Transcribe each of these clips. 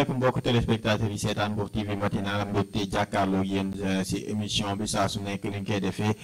asalaamaaleykum mbokk téléspectateurs yi seetaan Mbour TV matinal mbégte jàkkaarloo yéen euh, si émission bi saa su nekk ni ñu koy defee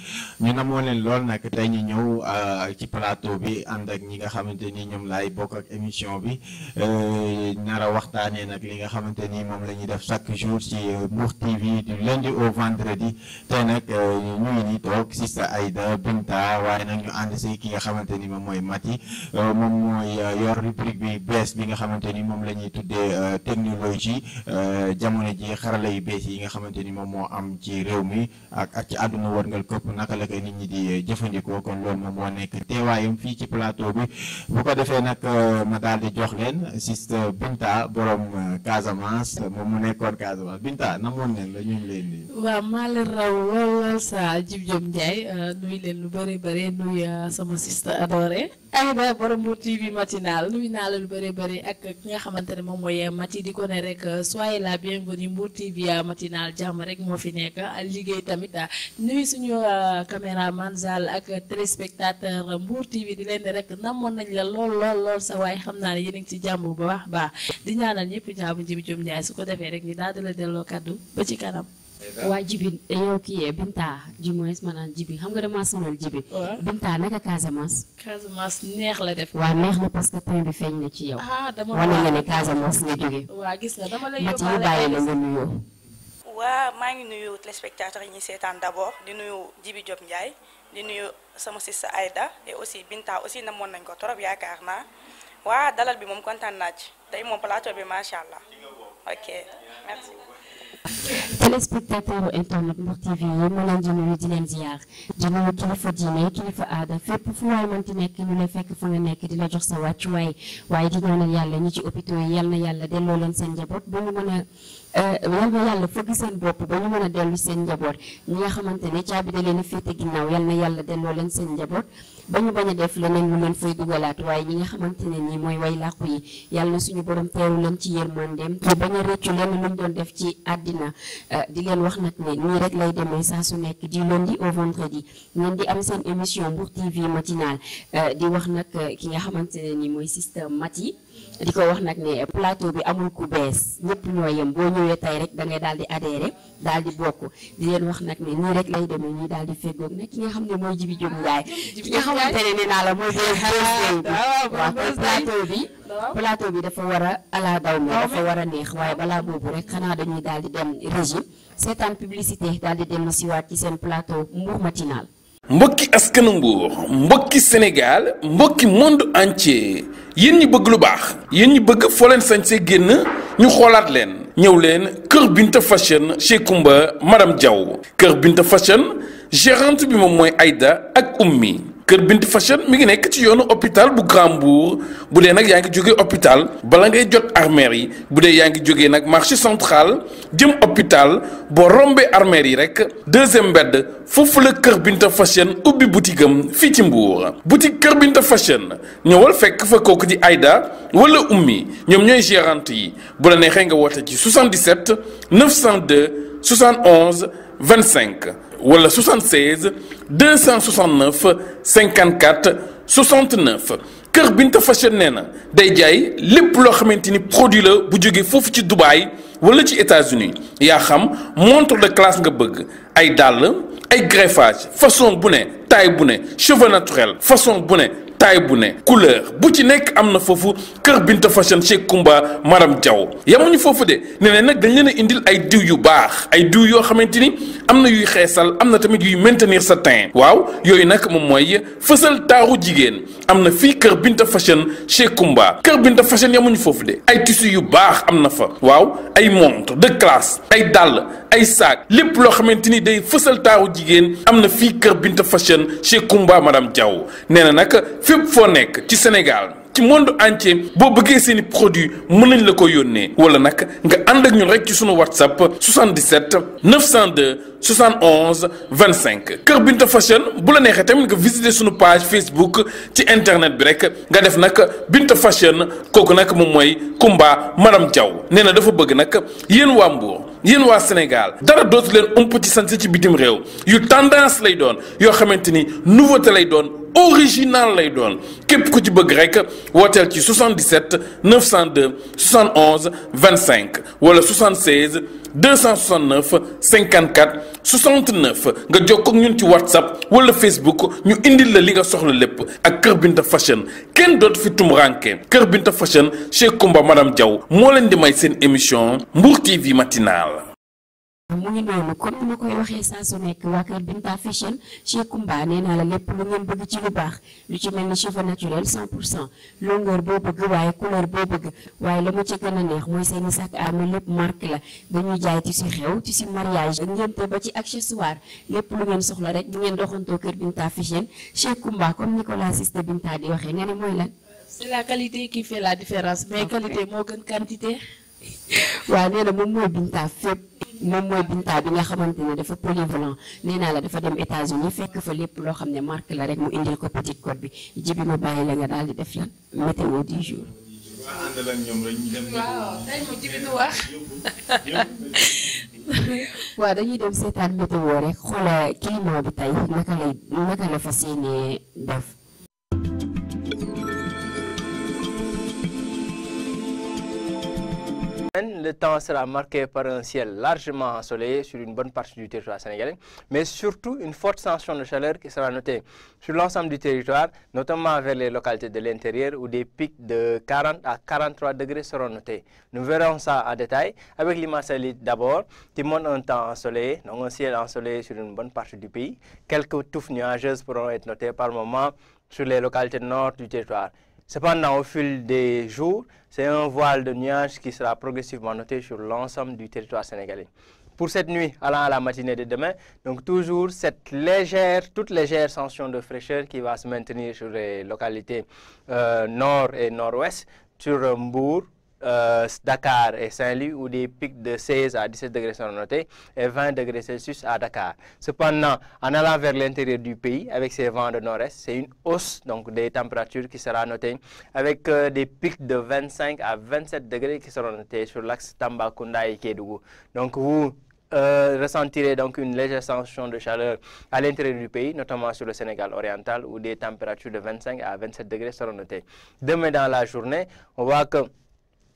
ñu namoo leen lool nag tey ñu ñëw euh, ci plateau bi ànd ak ñi nga xamante ni ñoom laay bokk ak émission bi euh, nar a waxtaanee nag li nga xamante ni moom la def chaque jour si Mbour TV du lundi au vendredi tey nag ñu ngi nii toog Sista Aïda Binta waaye nag ñu ànd si ki nga xamante ni moom mooy Mati moom mooy yor rubrique bi bees bi nga xamante moom la tuddee technique jàmmarloo ci euh, jamono ji xarala yu bees yi nga xamante ni moom moo am ci réew mi ak ak ci àdduna warngal këpp naka la koy nit ñi di euh, jëfandikoo kon loolu moom moo nekk teewaayam fii ci plateau bi bu ko defee nag euh, ma daal di jox leen Sister Binta borom Casamance moom mu nekkoon Casamance Binta namoon nen la ñu ngi leen di. maa leen raw lool sa Djib Diop Ndiaye nuyu leen lu bëri bëri nuyu sama Sister adoré Aïda borom bu TV matinal nuyu naa la lu bëri bëri ak kone rek euh, soyez la bienvenue Mbour TV euh, matinal jàmm rek moo fi nekk ak liggéey tamit euh, nuyu suñu caméraman Zal ak téléspectateur Mbour TV di leen ne rek namoon nañ la lool lool lool sa waay xam naa ne yéen a ngi ci jàmm bu baax baax di ñaanal ñëpp jaamu jibi jom Njaay su ko defee rek ñu daal di la delloo kàddu ba ci kanam. waa jibi yow kii yee Binta du moins maanaam jibi xam nga damaa sonal jibi Binta naka Casamance. Casamance neex la def. waaw neex na parce que temps bi feeñ na ci yow. ah nga ne Casamance nga jógee. waa gis dama lay yóbbaale bàyyi la nga nuyoo. waa maa ngi nuyu téléspectateur yi ñu seetaan d'abord di nuyu Jibi Diop Ndiaye di nuyu sama sista Aïda et aussi Binta aussi namoon nañ ko trop yaakaar naa waa dalal bi moom kontaan naa ci tey moom plateau bi macha allah ok téléspectateur internet Mbour TV yi mu leen di nuyu di leen ziar di nuyu kilifa diine kilifa aada fépp fu waay mënti nekk ñu lay fekk fu nga nekk di jox sa wàccuwaay waaye di ñaanal yàlla ñi ci hôpitaux yi yal na yàlla delloo leen seen njaboot ba ñu mën a yal eh, na yàlla fëgg seen bopp ba ñu mën a dellu seen njaboot ñi nga xamante ne caabi da leen a féete ginnaaw yal na yàlla delloo leen seen njaboot ba ñu bañ a def leneen lu leen fay dugalaat waaye ñi nga xamante ne nii mooy way làqu yi yal na suñu borom teeru leen ci yërmandeem ñu bañ a rëccu lenn ñu doon def ci àddina eh, di leen wax nag ne nii rek lay demee saa su nekk di lundi au vendredi ngeen di am seen émission Mbour TV matinal eh, di wax nag ki nga xamante ne nii mooy système Mati di ko wax nag ne plateau bi amul ku bees ñëpp ñoo yem boo ñëwee tay rek da ngay daal di adhéré daal di bokk di leen wax nag ne nii rek lay demee ñii daal di feggoog nag ki nga xam ne mooy Djibi Diop Ndiaye ki nga xamante ne naa la mooy boobu ah, plateau bi plateau bi dafa war a ala daw dafa war a neex waaye balaa boobu rek xanaa dañuy daal di dem régime seetaan publicité daal di dem siwaat ci seen plateau Mbour matinal mbokki askanu Mbuur mbokki Sénégal mbokki monde entier yéen ñi bëgg lu baax yéen ñi bëgg foo sañ sañsee génn ñu xoolaat leen ñëw leen Kër Binta Fashion chez Kumba Madame Diaw Kër Binta Fashion gérante bi moom mooy ayda ak Ummi kër Binti Fashion mi ngi nekk ci yoonu hôpital bu Grand Mbour bu dee nag yaa ngi jógee hôpital bala ngay jot armère yi bu dee yaa ngi jógee nag marché central jëm hôpital bo rombe armère yi rek deuxième mbedd foofu la kër Binta Fashion ubbi boutique am fii ci Mbour boutique kër Binta Fashion ñëwal fekk fa kooku di Aïda wala Ummi ñoom ñooy gérante yi bu la neexee nga woote ci 77 902 71 25 wala 76 269 54 69 Kër binte Fashion nena day jay, lépp lo xamanteni produit la bu jógee fofu ci Dubaï wala ci États-Unis Ya xam montre de classe nga bëgg ay dal, ay greffage façon bu taille bu ne cheveux naturel façon bu taille bu couleur bu ci nek amna fofu foofu Kër Binta Fashion chez Kumba Maram Diaw yamuñu fofu de nak dañ indil ay diw yu bax, ay diw yo xamanteni am yuy xeesal tamit yuy maintenir sa teint waaw yooyu nag moom mooy fësal taaru jigéen am kër Fashion chez Kumba kër Binta Fashion yamuñ foofu de ay tissus yu baax am na fa ay montre de classe ay dàll ay sac. lépp loo xamante day fësal am na kër Fashion chez Kumba madame Diaw nee na nag Sénégal ci monde entier bo beugé seen produit mën nañ la ko yónnee wala nak nga and ak ñun rek ci suñu whatsapp 77 902 71 25. Kër Binta Fashion bu la nexé tamit nga visiter suñu page Facebook ci internet bi rek nga def nak Binta Fashion kooku nak moom moy Kumba madame Diaw néna dafa bëgg nak yeen waa yeen wa Sénégal dara dootu leen ump ci sanse ci bitim réew yu tendance lay doon yoo xamante ni nouveauté lay doon original lay doon képp ku ci bëgg rek 77 902 71 25 wala 76 269 54 69 nga jokk ak ñun ci whatsapp wala facebook ñu indil la li nga soxla lépp ak Kër Fashion kenn doot fi tumuranke Kër Fashion chez Kumba madame Diaw moo leen di may seen émission Mbour TV Matinal mu ngi noonu comme ni ma koy waxee saa su nekk waa kër Binta Fashion chez Kumba nee naa la lépp lu ngeen bëgg ci lu baax lu ci mel ni cheveux naturel 100 pour cent longueur boo bëgg waaye couleur boo bëgg waaye la ma ci gën a neex mooy seeni sac à main lépp marque la dañuy jaay tissu xew ci tissu mariage ngénte ba ci accessoire lépp lu ngeen soxla rek bu ngeen doxantoo kër Binta Fashion chez Kumba comme Nicolas ko la siste Binta di waxee nga ne mooy lan. c'est la qualité qui fait la différence. mais qualité moo gën quantité. waaw nee na moom mooy Binta fépp. moom mooy Binta bi nga xamante ne dafa polyvalent nee naa la dafa dem États-Unis fekk fa lépp loo xam ne marque la rek mu indil ko Petite Côte bi ji bi ma bàyyi la nga daal di def lan météo du jour. waaw dañuy dem seetaan météo rek xoola climat bi tey naka lay naka la fas yéenee def. le temps sera marqué par un ciel largement ensoleillé sur une bonne partie du territoire sénégalais, mais surtout une forte tension de chaleur qui sera notée sur l'ensemble du territoire, notamment vers les localités de l'intérieur où des pics de 40 à 43 degrés seront notés. Nous verrons ça en détail avec l'immaculite d'abord, qui montre un temps ensoleillé, donc un ciel ensoleillé sur une bonne partie du pays. Quelques touffes nuageuses pourront être notées par moment sur les localités nord du territoire. Cependant, au fil des jours, c'est un voile de nuages qui sera progressivement noté sur l'ensemble du territoire sénégalais. Pour cette nuit, allant à la matinée de demain, donc toujours cette légère, toute légère sensation de fraîcheur qui va se maintenir sur les localités euh, nord et nord-ouest, sur euh, Dakar et Saint-Louis où des pics de 16 à 17 degrés seront notés et 20 degrés Celsius à Dakar. Cependant, en allant vers l'intérieur du pays avec ces vents de nord-est, c'est une hausse donc, des températures qui sera notée avec euh, des pics de 25 à 27 degrés qui seront notés sur l'axe Tambacounda et Kédougou. Donc vous euh, ressentirez donc une légère sensation de chaleur à l'intérieur du pays, notamment sur le Sénégal oriental où des températures de 25 à 27 degrés seront notées. Demain dans la journée, on voit que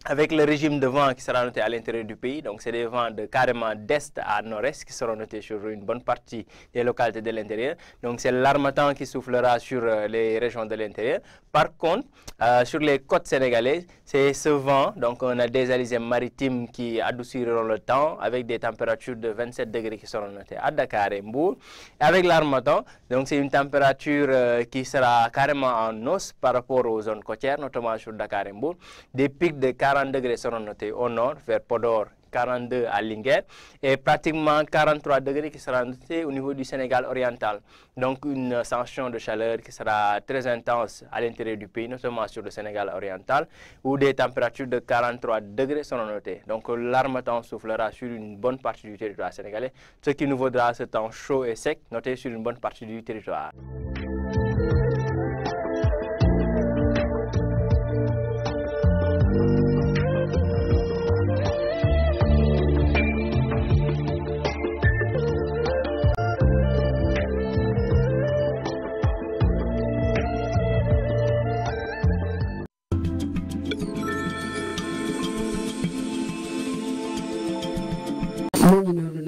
avec le régime de vent qui sera noté à l'intérieur du pays. Donc, c'est des vents de carrément d'est à nord-est qui seront notés sur une bonne partie des localités de l'intérieur. Donc, c'est l'armatan qui soufflera sur euh, les régions de l'intérieur. Par contre, euh, sur les côtes sénégalaises, c'est ce vent. Donc, on a des alizés maritimes qui adouciront le temps avec des températures de 27 degrés qui seront notées à Dakar et Mbour. Avec l'armatan, donc, c'est une température euh, qui sera carrément en hausse par rapport aux zones côtières, notamment sur Dakar et Mbour, Des pics de 40 degrés seront notés au nord, vers Podor 42 à Linguerre et pratiquement 43 degrés qui sera noté au niveau du Sénégal oriental. Donc une sanction de chaleur qui sera très intense à l'intérieur du pays, notamment sur le Sénégal oriental, où des températures de 43 degrés seront notées. Donc l'arme soufflera sur une bonne partie du territoire sénégalais, ce qui nous vaudra ce temps chaud et sec noté sur une bonne partie du territoire.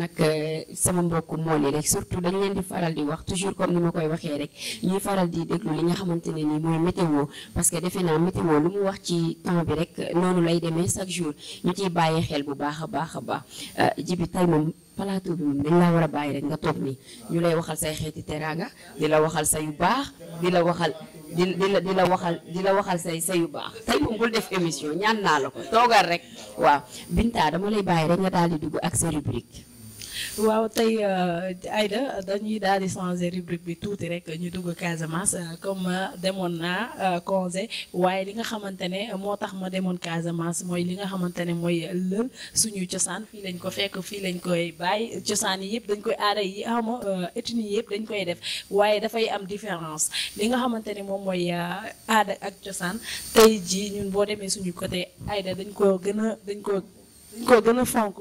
nag eh, sama mbokku mool yi rek surtout dañ leen di faral di wax toujours comme ni ma koy waxee rek ñuy faral di déglu li nga xamante ne nii mooy météo parce que defe naa météo lu mu wax ci temps bi rek noonu lay demee chaque jour ñu ciy bàyyi xel bu baax a baax a baax eh, jibi tay moom plateau bi moom dañ laa war a bàyyi rek nga toog nii ñu lay waxal say xeeti teraanga di la waxal say yu baax di la waxal di di la la waxal di la waxal say say yu baax tey moom bul def émission ñaan naa la ko toogal rek waaw Binta dama lay bàyyi rek nga daal di ak sa waaw tey euh, Aïda dañuy daal di changer rubrique bi tuuti rek ñu dugg Casamance euh, comme euh, demoon naa congé waaye li nga xamante ne moo tax ma demoon Casamance mooy li nga xamante ne mooy lël suñu cosaan fii lañ ko fekk fii lañ koy bàyyi cosaan yëpp dañ koy aada yi xam ah, nga yëpp dañ koy def waaye dafay am différence li nga xamante ne moom mooy aada ak cosaan tey ji ñun boo demee suñu côté Aïda dañ ko gën a dañ ko ko gën a fonk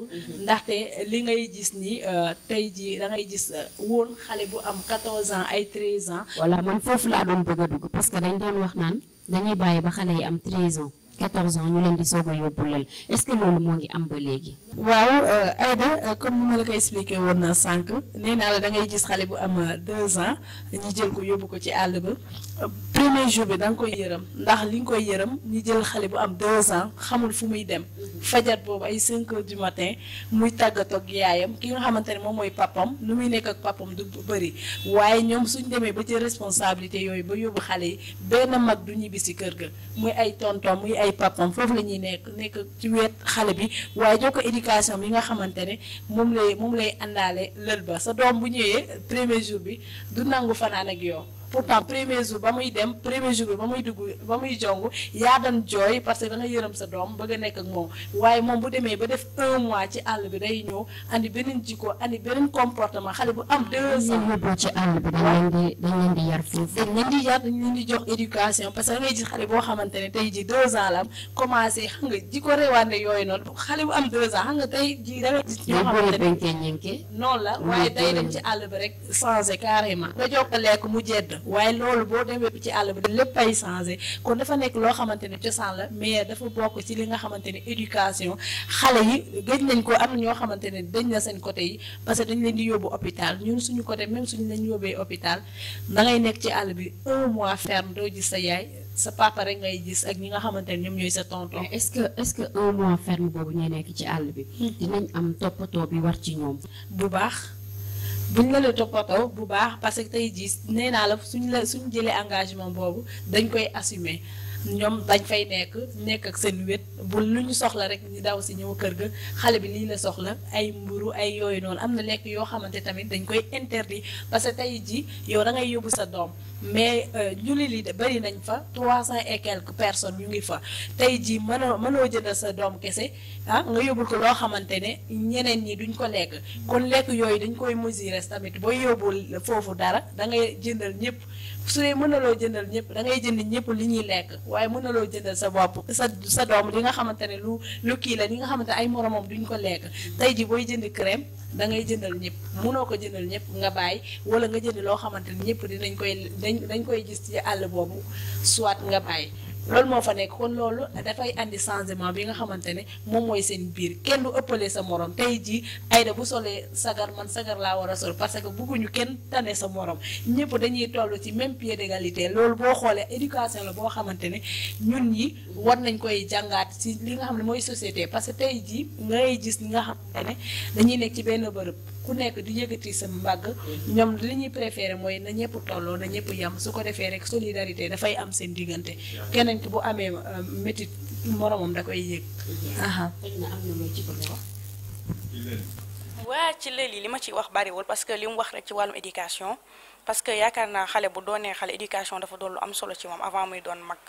ndaxte li ngay gis ni euh, tey jii da ngay gis euh, woon xale bu am 14 ans ay 13 ans. voilà man foofu laa doon bëgg a dugg parce que dañ doon wax naan dañuy bàyyi ba xale yi am 13 ans 14 ans ñu leen di soog a yóbbu lal est que loolu moo ngi am ba léegi. waaw euh, Aïda comme ni ma la ko expliquer woon na sànq nee naa la da ngay gis xale bu am 2 ans ñu jël ko yóbbu ko ci àll ba. premier jour bi da nga koy yërëm ndax li nga koy yërëm ñu jël xale bu am deux ans xamul fu muy dem fajar boobu ay 5 heures du matin muy tàggatoo ak yaayam ki nga xamante ne moom mooy papam lu muy nekk ak papam du bëri waaye ñoom suñ demee ba ci responsabilité yooyu ba yóbbu xale yi benn mag du ñibbi si kër ga muy ay tonton muy ay papam foofu la ñuy nekk nekk ci wet xale bi waaye jox ko bi nga xamante ne moom lay moom lay àndaale lël ba sa doom bu ñëwee premier jour bi du nangu fanaan ak yoo pourtant premier jour ba muy dem premier jour bi ba muy dugg ba muy jong yaa daan jooy parce que da nga yërëm sa doom bëgg a nekk ak moom waaye moom bu demee ba def un mois ci àll bi day ñëw andi beneen jikko andi beneen comportement xale bu am deux ans yóbboo ci àll bi dañ leen di jox éducation parce que da ngay gis xale boo xamante ne tey ji deux ans la am commencé xam yooyu noonu xale bu am deux ans xam nga tey ji da ngay gis ñoo xamante ne noonu la waaye day dem ci àll bi rek changé carrément nga jox ko mu jedd waaye loolu boo demee bi ci àll bi da lépp ay changé kon dafa nekk loo xamante ne cosaan la mais dafa bokk ci li nga xamante ne éducation xale yi gëj nañ ko am ñoo xamante ne dañ na seen côté yi parce que dañ leen di yóbbu hôpital ñun suñu côté même suñu lañ yóbbee hôpital da ngay nekk ci àll bi un mois ferme doo gis sa yaay sa papa ngay gis ak ñi nga xamante ne ñoom ñooy sa tonton. est-ce que est-ce que un mois ferme boobu ñuy nekk ci àll bi. Hmm. dinañ am toppatoo bi war ci ñoom. bu baax. bu buñ la la toppatoo bu baax parce que tey jii nee naa la suñ la suñ jëlee engagement boobu dañ koy assumer ñoom dañ fay nekk nekk ak seen wét bu lu ñu soxla rek ñu daw si ñëw kër ga xale bi lii la soxla ay mburu ay yooyu noonu am na lekk yoo xamante tamit dañ koy interdit parce que tey jii yow da ngay yóbbu sa doom. mais euh, julli li de bari nañ fa trois cent et personne personnes ñu ngi fa tey jii mënoo mënoo jënd sa doom kese ah nga yóbbul ko loo xamante ne ñeneen ñi duñ ko lekk kon lekk yooyu dañ koy mesurer tamit booy yóbbul foofu dara da ngay jëndal ñëpp su dee mënaloo jëndal ñëpp dangay jënd ñëpp li ñuy lekk waaye mënaloo jëndal sa bopp sa sa doom li nga xamante ne lu lu kii la li nga xamante ne ay moromam duñ ko lekk tey jii booy jënd crème da ngay jëndal ñëpp munoo ko jëndal ñëpp nga bàyyi wala nga jënd loo xamante ni ñëpp dinañ koy dañ dañ koy gis ci àll boobu soit nga bàyyi loolu moo fa nekk kon loolu dafay indi changement bi nga xamante ne moom mooy seen biir kenn du ëppale sa morom tey jii ayda bu solee sagar man sagar laa war a sol parce que bëgguñu kenn tane sa morom ñëpp dañuy toll ci même pied d'égalité loolu boo xoolee éducation la boo xamante ne ñun ñi war nañ koy jàngaat ci li nga xam ne mooy société parce que tey jii ngay gis ñi nga xamante ne dañuy nekk ci benn bërëb ku nekk di yëkkati sa mbagg ñoom li ñuy préféré mooy na ñëpp tolloo na ñëpp yam su ko defee rek solidarité dafay am seen diggante keneen ki bu amee euh, métit moromam da koy yëg waa ci lël yi li ma ci wax bariwul parce que li mu wax rek ci wàllum éducation parce que yaakaar naa xale bu doonee xale éducation dafa doon lu am solo ci moom avant muy doon mag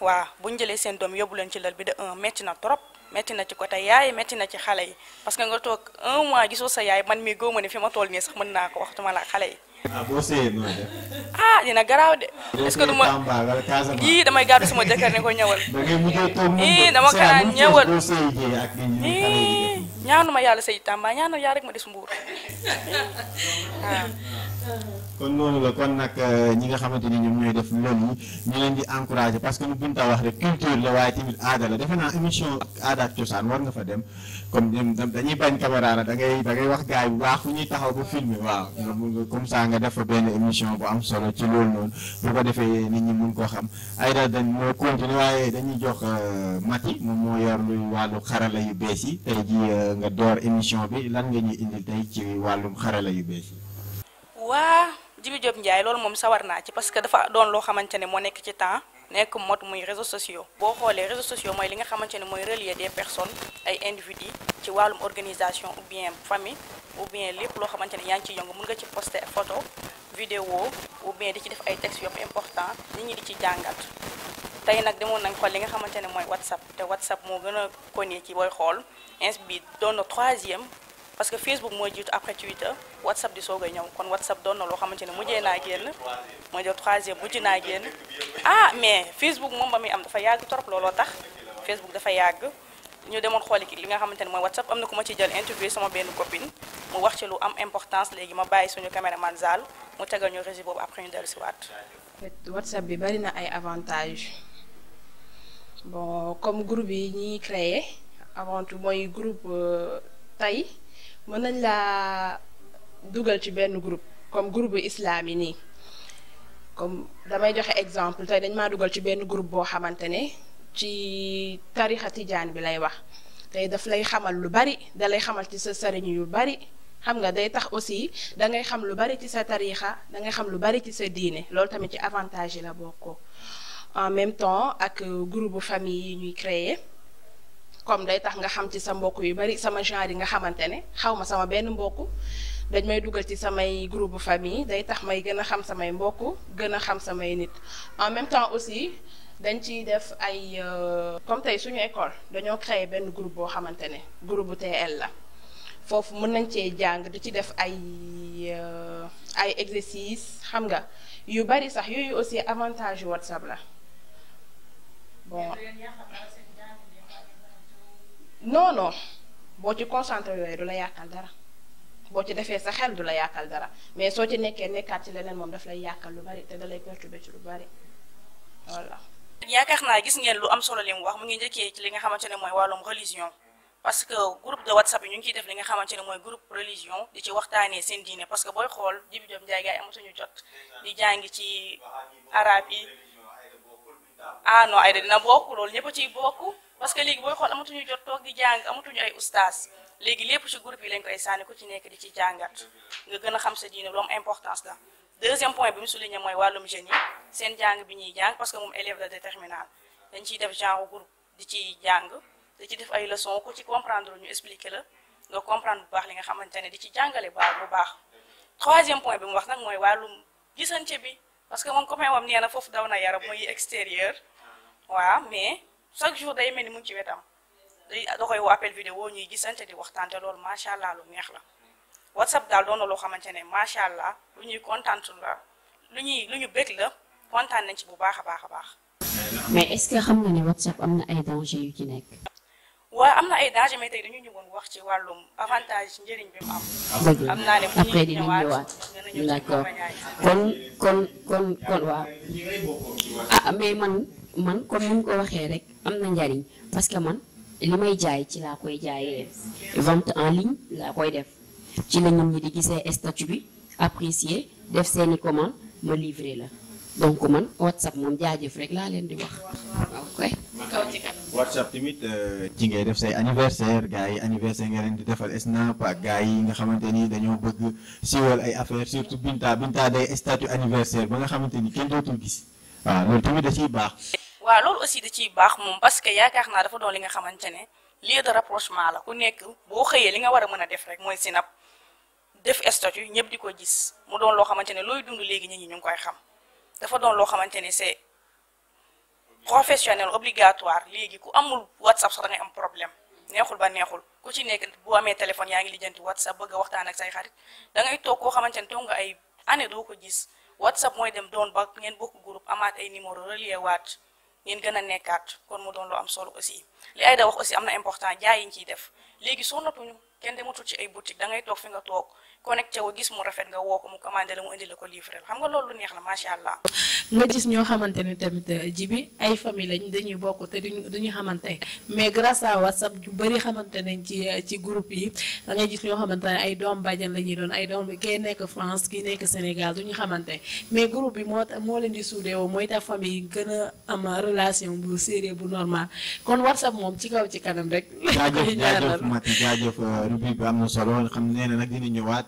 waa bu ñu jëlee seen doom yóbbu leen ci lël bi de un metti na trop metti na ci côté yaay metti na ci xale yi parce que nga toog un mois gisoo sa yaay man mii góob ma ne fi ma toll nii sax man naa ko waxtuma la xale yi. ah boo seeyee noo def. ah dina garaaw de. est ce que du ma yii damay gàddu sama jëkkër ne ko ñëwal. da ngay mujjee toog mën dama ko naan ñëwal ñaanu ma yàlla sëy Tamba ñaanu yaa rek ma des mbuur waaw. kon noonu la kon nag euh, ñi nga xamante ni ñoom ñooy def loolu ñu leen di encouragé parce que lu Binta wax rek culture la waaye tamit aada la defe naa émission aada ak cosaan war nga fa dem comme ñoom dañuy bañ caméra la da ngay da ngay wax gars bu baax ñuy taxaw ba filmé waaw nga comme ça nga def fa benn émission bu am solo ci loolu noonu bu ko defee nit ñi mun koo xam ay da dañ moo continué waaye dañuy jox euh, Mati moom moo yor luy wàllu xarala yu bees yi tey ji euh, nga door émission bi lan nga ñuy indil tey ci wàllum xarala yu bees yi waa Djibi Diop Ndiaye loolu moom sawar naa ci parce que dafa doon loo xamante ne moo nekk ci temps nekk mot muy réseaux sociaux boo xoolee réseaux sociaux mooy li nga xamante ne mooy des personnes ay individus ci wàllum organisation ou famille ou bien lépp loo xamante ne yaa ngi ciy yëngu mun nga ci poster photo vidéo ou bien di ci def ay textes yu important nit ñi di ci jàngat tey nag demoon nañ xool li nga xamante ne mooy WhatsApp te WhatsApp moo gën a connu ci booy xool ins bi doon na troisième parce que Facebook mooy jiitu après Twitter WhatsApp di soog a ñëw kon WhatsApp doon na loo xamante ne mujjee naa génn mooy jël troisième mujj naa génn ah mais Facebook moom ba muy am dafa yàgg trop looloo tax Facebook dafa yàgg ñu demoon xooli ki li nga xamante ne mooy WhatsApp am na ku ma ci jël interview sama benn copine mu wax ci lu am importance léegi ma bàyyi suñu caméraman Zal mu tegal ñu régie boobu après ñu dellu si WhatsApp bi bari na ay avantages bon comme groupe yi ñuy créer avant tout mooy groupe euh, tey mën nañ laa dugal ci benn group comme group bu islam yi nii comme damay joxe exemple te dañ maa dugal ci benn groupe boo xamante ne ci tarixa tijaan bi lay wax tey daf lay xamal lu bari da lay xamal ci sa sëriñ yu bari xam nga day tax aussi da ngay xam lu bari ci sa tarixa da ngay xam lu bari ci sa diine loolu tamit ci avantage yi la bokkoo en même temps ak groupe bu famille yi ñuy créer comme day tax nga xam ci sa mbokk yu bari sama genre yi nga xamante ne xaw ma sama benn mbokk dañ may dugal ci samay groupe famille day tax may gën a xam samay mbokk gën a xam samay nit en même temps aussi dañ ciy def ay euh, comme tey suñu école dañoo créé benn groupe boo xamante ne groupe bu TL la foofu mën nañ cee jàng di ci def ay euh, ay exercice xam nga yu bari sax yooyu aussi avantage WhatsApp la non non boo ci concentré yooyu du la yàqal dara boo ci defee sa xel du la yàqal dara mais soo ci nekkee nekkaat ci leneen moom daf lay yàqal lu bari te da lay perturbé ci lu bari voilà. yaakaar naa gis ngeen lu am solo li mu wax mu ngi njëkkee ci li nga xamante ne mooy wàllum religion parce que groupe de whatsapp ñu ngi ciy def li nga xamante ne mooy groupe religion di ci waxtaanee seen diine parce que booy xool Djiby Diop Ndiaye gars yi ñu jot di jàngi ci araab yi ah non ay dina bokk loolu ñëpp a ciy bokk. parce que léegi booy xool amatuñu jot toog di jàng amatuñu ay ustaas léegi lépp ci groupe yi lañ koy sànni ku ci nekk di ci jàngat nga gën a xam sa diine lu importance la deuxième point bi mu souligné mooy wàllum jeunes seen jàng bi ñuy jàng parce que moom élève la de terminale dañ ciy def genre groupe di ci jàng di ci def ay leçon ku ci comprendre ñu expliquer la nga comprendre bu baax li nga xamante ne di ci jàngale baax bu baax troisième point bi mu wax nag mooy wàllum gisante bi parce que moom copain wam nee na foofu daw na yaram muy extérieur waa mais chaque jour day mel mu ngi ci wetam day da koy woo appel vidéo ñuy gisante di waxtaan te loolu macha allah lu neex la whatsapp daal doon na loo xamante ne macha allah lu ñuy kontaan la lu ñuy lu ñu bëgg la kontaan nañ ci bu baax a baax a baax. mais est-ce que xam nga ne whatsapp am na ay yu ci nekk. waaw am na ay danger mais tey dañu ñëwoon wax ci wàllum avantage njëriñ bi mu am. naa ne après dinañ ñëwaat d'accord kon kon kon kon waaw ah mais man. man comme ni mu ko waxee rek am na njariñ parce que man limay jaay ci la koy jaayé vente en ligne la koy def ci la ñun ñi di gisee statut bi apprécier def seeni commande me livrer la donc man WhatsApp moom jaajëf rek la leen di wax waaw WhatsApp tamit euh, ci ngay def say anniversaire gaay anniversaire nga leen di defal snap ak gars yi nga xamante ni dañoo bëgg siiwal ay affaire surtout Binta Binta day statut anniversaire ba nga xamante ni kenn dootul gis waaw loolu tamit da ciy baax waaw loolu aussi da ciy baax moom parce que yaakaar naa dafa doon li nga xamante ne lieu de rapprochement la ku nekk boo xëyee li nga war a mën a def rek mooy si Snap def statut ñëpp di ko gis mu doon loo xamante ne looy dund léegi ñu ñi ñu ngi koy xam dafa doon loo xamante ne c'est professionnel obligatoire léegi ku amul WhatsApp sax da am problème neexul ba neexul ku ci nekk boo amee téléphone yaa ngi lijjanti WhatsApp bëgg a waxtaan ak say xarit dangay ngay toog koo xamante ne toog nga ay année doo ko gis WhatsApp mooy dem doon ba ngeen bokk groupe amaat ay numéro relier waat ngeen gën a nekkaat kon mu doon lu am solo aussi li ay da wax aussi am na important jaay yi ñu ciy def léegi sonnatuñu kenn dematul ci ay boutique da ngay toog fi nga toog connecté wu gis mu rafet nga woo ko mu commandé la mu indi la ko livré xam nga loolu neex la macha allah. nga gis ñoo xamante ni tamit euh, ji bi ay famille lañ dañuy bokk te duñu ñu xamante mais grâce à whatsapp ju bëri xamante nañ ci euh, ci groupe yi da ngay gis ñoo xamante ne ay doom bàjjan la ñuy doon ay doom kii nekk France ki nekk Sénégal ñu xamante mais groupe bi moo moo leen di suudeewoo mooy tax famille gën a am relation bu sérieux bu normal kon whatsapp moom ci kaw ci kanam rek. jaajëf jaajëf Mati jaajëf euh, rubrique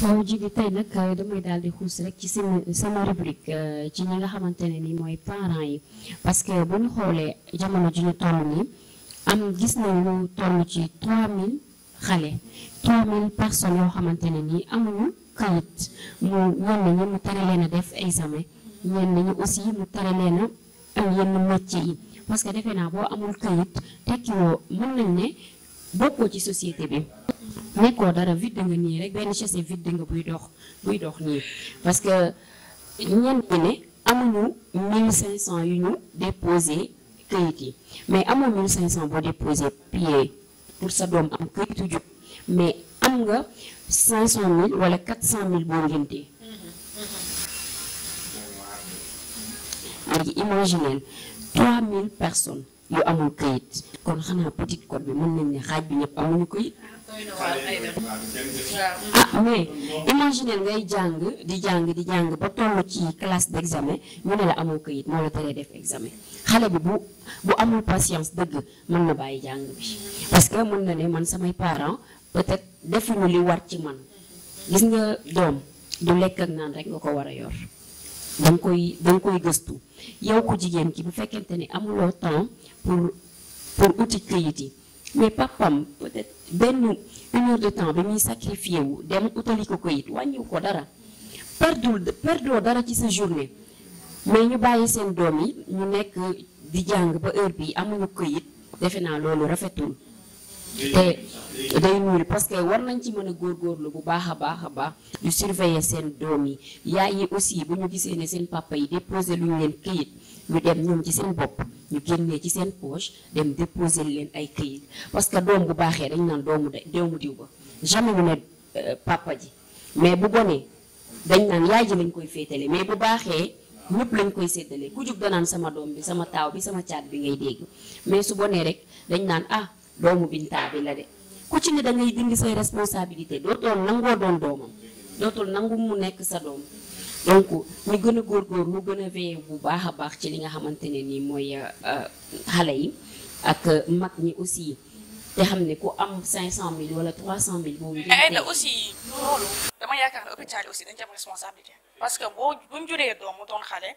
Je jigi tey nag euh, damay rek ci sama rubrique euh, ci ñi nga xamantene ni parents yi parce que suis xolé jamono ñu am gis ci 3000 xalé 3000 personnes yo xamantene ni kayit mu ñi mu aussi mu parce que amul kayit ne ci société bi nekkoo dara vite nga nii rek benn chaise vite nga buy dox buy dox nii parce que ñenn ñi ne amuñu 1500 yu ñu déposé këyit yi mais amoo 1500 boo déposé pied pour sa doom am këyitu jub mais am nga 500000 wala 400000 boo ngénte léegi imaginez 3000 personnes yu amul këyit kon xanaa petite côte bi mën nañ ne xaaj bi ñëpp amuñu këyit ah oui imaginer ngay jàng di jàng di jàng ba toll ci classe d' examen ñu ne la amoo këyit moo la teree def examen xale bi bu bu amul patience dëgg mën na bàyyi jàng bi parce que mën na ne man samay parents peut-être defuñu li war ci man gis nga doom du lekk ak naan rek nga ko war a yor da nga koy da koy gëstu yow ku jigéen ki bu fekkente ni amuloo temps pour uti këyit yi mais papa, peut-être benn une heure de temps bi muy sacrifié wu dem utali ko ko it wàññiw ko dara perdul perdoo dara ci sa journée mais ñu bàyyi sen domi, yi ñu nekk di jang ba heure bi amuñu këyit defe naa lolu rafetul té day ñuul parce que war nañ ci mëna gor gor lu bu baaxa baaxa ba ñu surveiller sen domi yi yaay yi aussi buñu gisé né sen papa yi déposé lu ñu leen këyit ñu dem ñoom ci seen bopp ñu génnee ci seen poche dem déposer leen ay këyit parce que doom bu baaxee dañ naan doomu de doomu diw ba jamais ñu ne euh, papa ji mais bu bonee dañ naan yaay ji lañ koy féetale mais bu baaxee ñëpp lañ koy séddale ku jug danaan sama doom bi sama taaw bi sama caat bi ngay dégg mais su bonee rek dañ naan ah doomu bintaa bi la de ku ci ne da ngay dindi say responsabilité dootoon nangoo doon doomam dootul nangu mu nekk sa doom donc ñu gën a góorgóorlu gën a veillé bu baax a baax ci li nga xamante ne nii mooy euh, xale yi ak mag ñi aussi te xam ne ku am 500000 cent 300000. boobu ñu ay na aussi loolu dama yaakaar ne hôpital yi aussi dañ ci am parce que boo bu ñu juree doom mu doon xale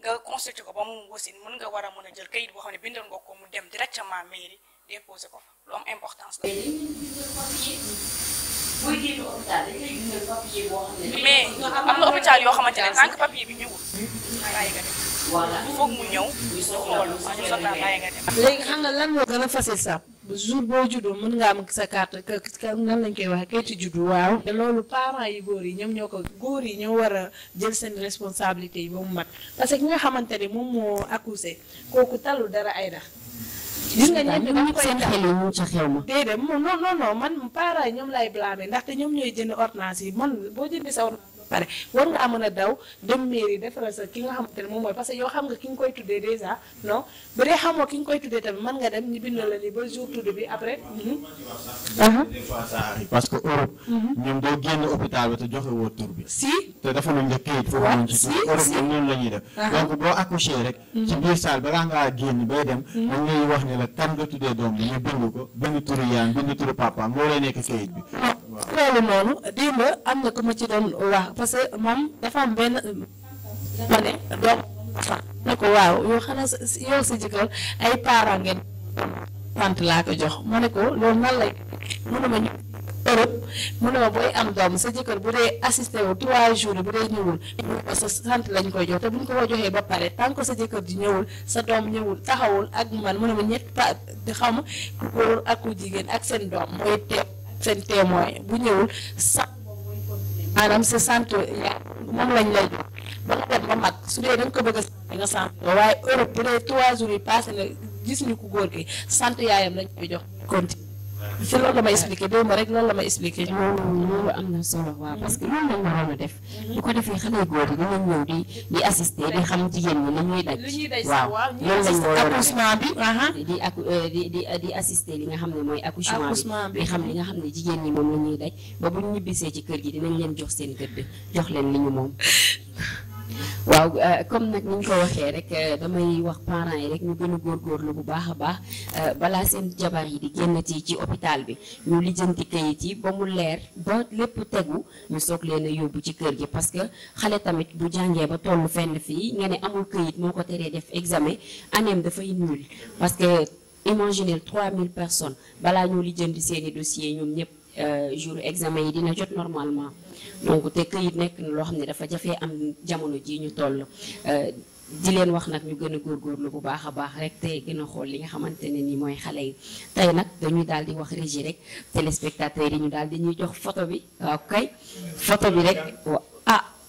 nga constaté ko ba mu wasin mën nga war a mën a jël kayit boo xam ne bindoon nga ko mu dem directement mairie déposé ko lu am importance a booy génn hôpital dañ lay xam na léegi xam nga lan moo gën a facile sax. jour boo juddoo mën nga am sa carte nan lañ koy waxee kayitu juddu waaw. te loolu parents yi góor yi ñoom ñoo ko góor yi ñoo war a jël seen responsabilité yi ba mu mat parce que ki nga xamante ne moom moo accusé kooku talu dara ay dax gis nga ñenn ñi koy tax mu ca xew ma déedéet non non non man parents yi ñoom lay blâmer ndaxte ñoom ñooy jënd ordonnance yi man boo jëndee sa ordonnance pare war ngaa mën a daw dem mairie defaral sa ki nga xamante xam nga ki nga koy tuddee déjà non bu dee xamoo ki nga koy tuddee tamit mën ba jour tudd bi après. Mhm. Uh-huh. des fois ça arrive parce que Europe. Mhm. ñoom doo génn hôpital bi te joxe woo tur bi. si te dafa luñ la kayit foofu lañ ci tur Europe ñoom noonu la ñuy def. Uh-huh. donc boo accouché rek. Mhm. ci biir salle balaa ngaa génn bay dem. dañ lay wax ne la kan nga tuddee doom bi ñu bind ko bind turu yaayam bind turu papaam loolay nekk kayit bi. waaw ah, loolu démb am na ku ma ci doon wax. parce que moom dafa am benn ma ne doom ne ko waaw yow xanaa yow sa jëkkër ay parents ngeen sant laa ko jox mu ne ko loolu nan lay mënuma ñu Europe mënuma booy am doom sa jëkkër bu dee assisté wu trois jours yi bu dee ñëwul mënuma sa sant lañ koy jox te bu ñu ko joxee ba pare tant que sa jëkkër ji ñëwul sa doom ñëwul taxawul ak man mënuma ñett pa di xam ku góor ak ku jigéen ak seen doom mooy teew seen témoin bu ñëwul maanaam sa centre moom lañ lay jox ba nga dem ba mag su dee da nga ko bëgg a nga sant waaye Europe bu dee trois jours yi passé na gis ñu ko góor gi sant yaayam lañ koy jox continué. ci loolu la ma expliqué démb rek loolu la ma expliqué loolu am na solo waaw parce que def bu defee xale góor yi dinañ ñëw di di assister di xam jigéen ñi li ñuy daj waaw loolu lañ accouchement bi uh-huh. di ak euh, di di di assister li nga xam ne mooy accouchement bi xam li nga xam ne jigéen ñi moom la ñuy daj ba buñ ñibbisee ci kër gi dinañ leen jox seen bi jox leen li ñu moom waaw euh, comme nag ni ñu ko waxee rek euh, damay wax parents yi rek ñu gën a góorgóorlu bu baax a baax euh, balaa seen jabar yi di génn ci ci hôpital bi ñu lijjanti kayit yi ba mu leer ba lépp tegu ñu soog leen a yóbbu ci kër gi parce que xale tamit bu jàngee ba tollu fenn fii nga ne amul kayit moo ko teree def examen aneem dafay nul parce que imaginer mille personnes balaa ñu lijjanti seeni dossier ñoom ñëpp. jour examen yi dina jot normalement donc te kay nekk na loo xam dafa jafé am jamono ji ñu toll euh di leen wax nak ñu gëna gor gor lu bu baaxa baax rek te gëna xol li nga xamante ni moy xale yi tay nak dañuy daldi wax régie rek téléspectateurs yi ñu daldi ñuy jox photo bi waaw kay photo bi rek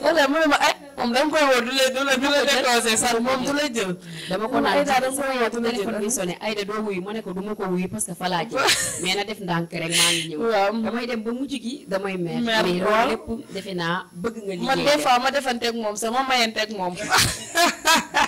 Eh, la du la du la décroché dama ko naan téléphone bi sonné Aïda doo wuyu ne ko du ma ko wuyu parce que fa laa jël mais na def ndànk rek maa ngi ñëw. damay dem ba mujj gi damay mer. mer mais loolu lépp defe naa bëgg nga liggéey. man des fois ma defanteeg moom sax ma mayanteeg moom.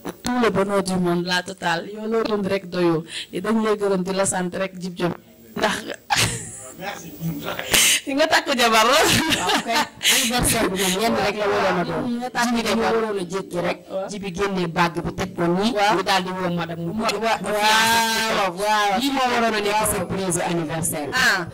tout le bonheur du monde la totale yow loo doon rek doyoo la sant rek jib jëm ndax nga takk jabar la. anniversaire bi moom nga takk jabar dañoo rek. ji bi génnee bàgg bi teg ko nii. mu daal di woo madame mu. waaw lii moo waroon a nekk surprise anniversaire bi. Ah.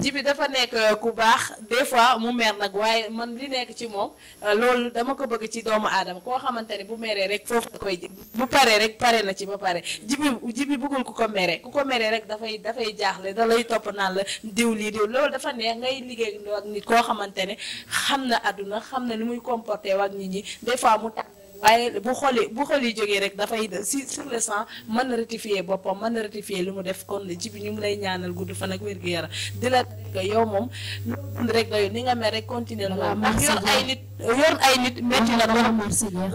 jibi dafa nekk euh, ku baax des fois mu mer nag waaye man li nekk ci moom euh, loolu dama ko bëgg ci doomu aadama koo xamante ne bu meree rek foofu da koy bu paree rek pare na ci ba pare ji bi ji ku ko mere ku ko mere rek dafay dafay jaaxle da lay topp naan la diw lii diw loolu dafa neex ngay liggéey ak nit koo xamante ne xam na àdduna xam ne li muy comporté ak nit ñi des fois mu tànn waaye bu xoli bu xoli jógee rek dafay si sur le sang mën na rectifier boppam mën na rectifier lu mu def kon ci bi ñu ngi lay ñaanal gudd fan ak wér gu yaram di la yow moom rek dayo ni nga mel rek continuer loolu ndax yor ay nit yor ay nit métti na torop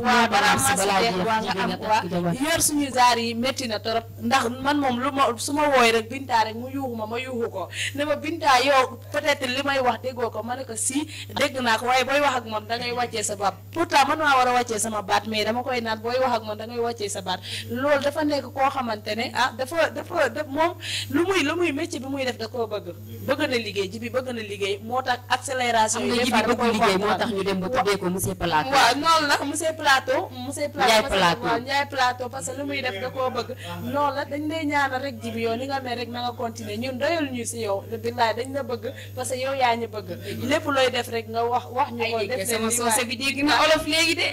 waaw balaa marché waa nga am waa yor suñu zaar yi métti na torop ndax man moom lu ma su ma wooy rek bintaa rek mu yuuxu ma ma yuuxu ko ne ma bintaa yow peut-être li may wax déggoo ko ma ne ko si dégg naa ko waaye booy wax ak moom da ngay wàccee sa baat pourtant man maa war a wàccee sama baat mais dama koy naan booy wax ak moom da ngay wàccee sa baat loolu dafa nekk koo xamante ne ah dafa dafa daf moom lu muy lu muy métier bi muy def da koo bëgg bëgg na liggéey ji bi bëgg na liggéey moo tax accélération yi tuddee ko monsieur Plateau. waaw noonu la monsieur Plateau. monsieur Plateau waaw Plateau parce que lu muy def da koo bëgg. noonu la dañ lay ñaanal rek jibi yow li nga mel rek na nga continuer ñun doyal ñu si yow billaay dañ la bëgg parce que yow yaa ñu bëgg lépp looy def rek nga wax wax ñu ko def sama soose bi dégg na olof léegi de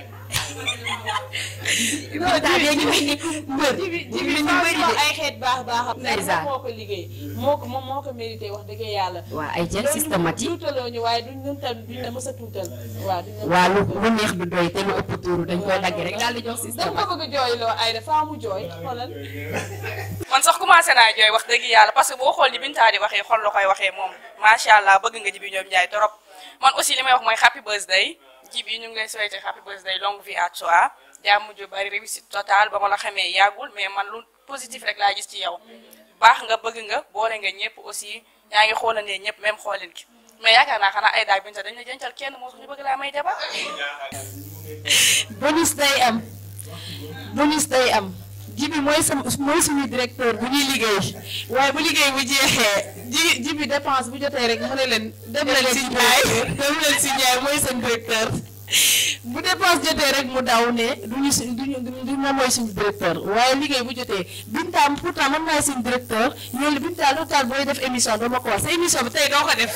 non jibi jibi jibi ay xeet baax baax. ndeysaan liggéey. moo ko moo ko mérité wax dëgg yàlla. waaw ay jël systématique loolu tuutaloo ñu waaye duñ ñun tam a tuutal. waaw lu lu neex du doy te lu ëpp tuuru dañ koy dagg rek dama ko bëgg jooyloo ay dafa mu jooy xoolal. man sax commencé naa jooy wax dëgg yàlla parce que boo xool ni Binta di waxee xol la koy waxee moom macha allah bëgg nga jibi ñoom Ndiaye trop man aussi li may wax mooy happy birthday TV ñu ngi lay souhaiter happy birthday longue vie à toi jàmm ju bari réussite totale ba ma la xamee yàggul mais man lu positif rek laa gis ci yow baax nga bëgg nga boole nga ñëpp aussi yaa ngi xoolandee ñëpp même xoolin ki mais yaakaar naa xanaa ay daal bi ñu dañ la jëncal kenn moo tax ñu bëgg laa may jabar bonus day am bonus day am jibi mooy sama mooy suñu directeur bu ñuy liggéey waaye bu liggéey bu jeexee ji jibi dépense bu jotee rek mu ne leen dem leen si Njaay dem leen si Njaay mooy seen directeur bu dépense jotee rek mu daw ne duñu suñ duñu du ma mooy suñu directeur waaye liggéey bu jotee bintaam pourtant man maay suñu directeur ñoom bintaal lu taal booy def émission doo ma ko wax sa émission bi tey doo ko def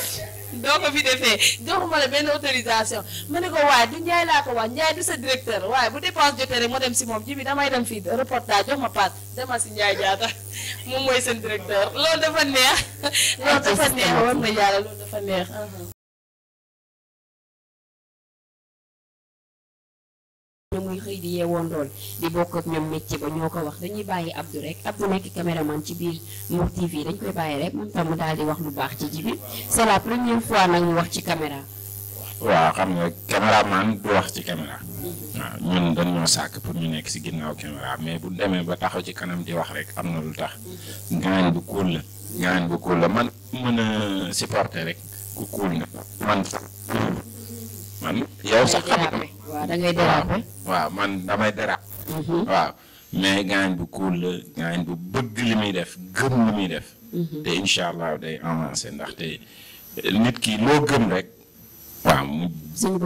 doo ko fi defee joxuma la benn autorisation ma ne ko waaye du Ndiaye laa ko wax Ndiaye du sa directeur waaye bu dépense jotee rek ma dem si moom ji bi damay dem fii reportage jox ma paas dama si Ndiaye jaata moom mooy seen directeur loolu dafa neex. loolu dafa neex war na yàlla loolu dafa neex. ñoom muy xëy di yeewoon doon di bokk ak ñoom métier ba ñoo ko wax dañuy bàyyi Abdou rek Abdou nekk caméraman ci biir Mbour TV dañ koy bàyyi rek moom tam mu di wax lu baax ci Djiby c'est la première fois nag mu wax ci caméra. waa xam nga caméraman du wax ci caméra. Mm-hmm. waaw ñun dañoo sàkk pour ñu nekk ci ginnaaw caméra mais bu demee ba taxaw ci kanam di wax rek am na lu tax. Mm-hmm. ngaañ bu kuul la. ngaañ bu kuul rek na man. man yow sax xam waaw da ngay waaw man damay déraper. Mhm. waaw mais gaañ bu cool la gaañ bu bëgg li muy def gëm li muy def. Mhm. te incha allah day avancé ndaxte nit ki loo gëm rek. waaw mu. suñu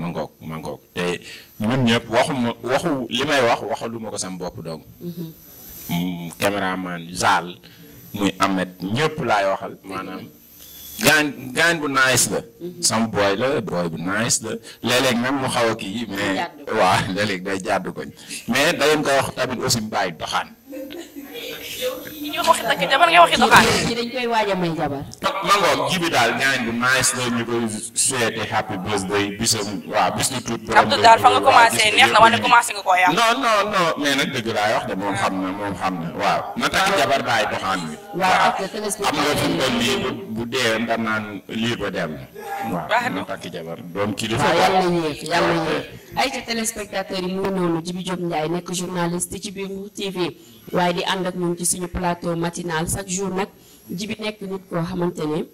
ma ngoog ma ngoog te ñun ñëpp waxuma waxu li may wax waxaluma ko sam bopp donc. Mhm. Mm, caméraman Zal muy Ameth ñëpp laay waxal maanaam. gaan gaan bu nice la. Mhm. sama boy la boy bu nice la léeg-léeg même mu xaw a kii mais. waaw léeg-léeg day jàddu koñ mais da leen ko wax tamit aussi mu bàyyi doxaan. ñu waxi takk lii ba noonu Djibi Diop Ndiaye nekk journaliste ci biir Ndour TV. waaye di ànd ak moom ci suñu plateau matinal chaque jour nag jibi nekk nit koo xamante ne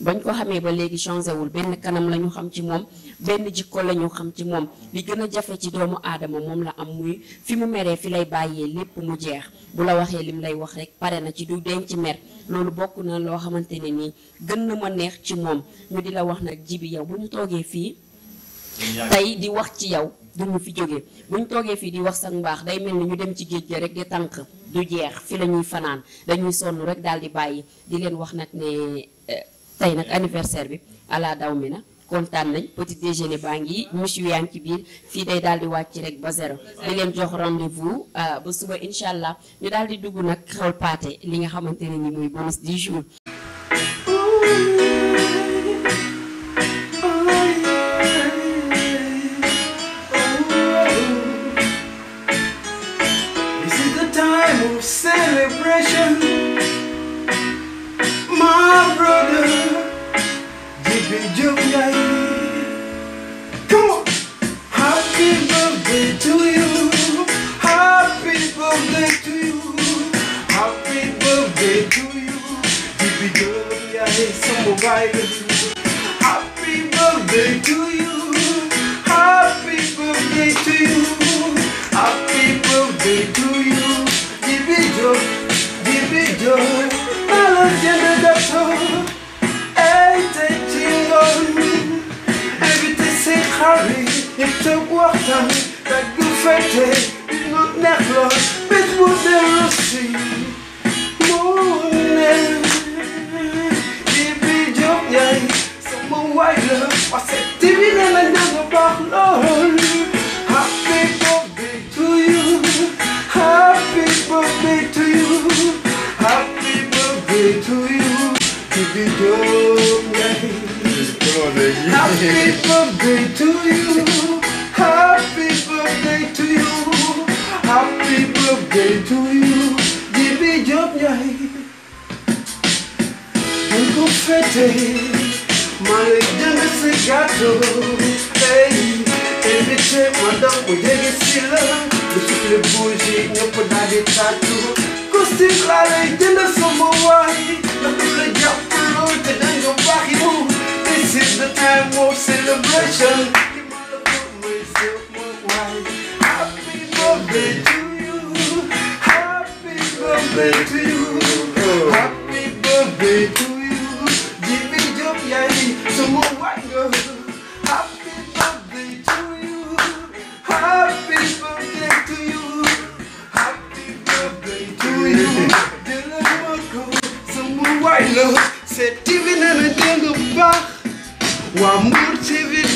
bañ koo xamee ba léegi changé wul benn kanam la ñu xam ci moom benn jikko la ñu xam ci moom li gën a jafe ci doomu aadama moom la am muy fi mu meree fi lay bàyyee lépp mu jeex bu la waxee lim lay wax rek pare na ci du denc mer loolu bokk na loo xamante ne nii gën na ma neex ci moom ñu di la wax nag jibi bi yow bu ñu toogee fii tey di wax ci yow duñu fi jógee bu ñu toogee fii di wax sax mbaax day mel ni ñu dem ci géej gi rek di tànk du jeex fi lañuy ñuy fanaan dañuy sonn rek daal di bàyyi di leen wax nag ne eh, tey nag anniversaire bi ala daw mi na kontaan nañ petit déjeuner baa ngi monsieur yaa ngi ci biir fii day daal di wàcc rek ba zéro di leen jox rendez-vous euh, ba suba incha allah ñu daal di dugg nag xol paate li nga xamante ne ni mooy bonus 10 jours Happy birthday to you. Happy birthday to you. Happy birthday to you. Gibi job nyai. Unko fete. Male jana se gato. Hey. Evite madam udege sila. Usikle buji nyopo dade tatu. Kusi lale jana somo wahi. Nakule japulo jana nyobahi is the annual celebration. Happy birthday to you. Happy birthday to you. Happy birthday to you. Happy birthday to you. Happy birthday to you. Happy birthday to you. O amor te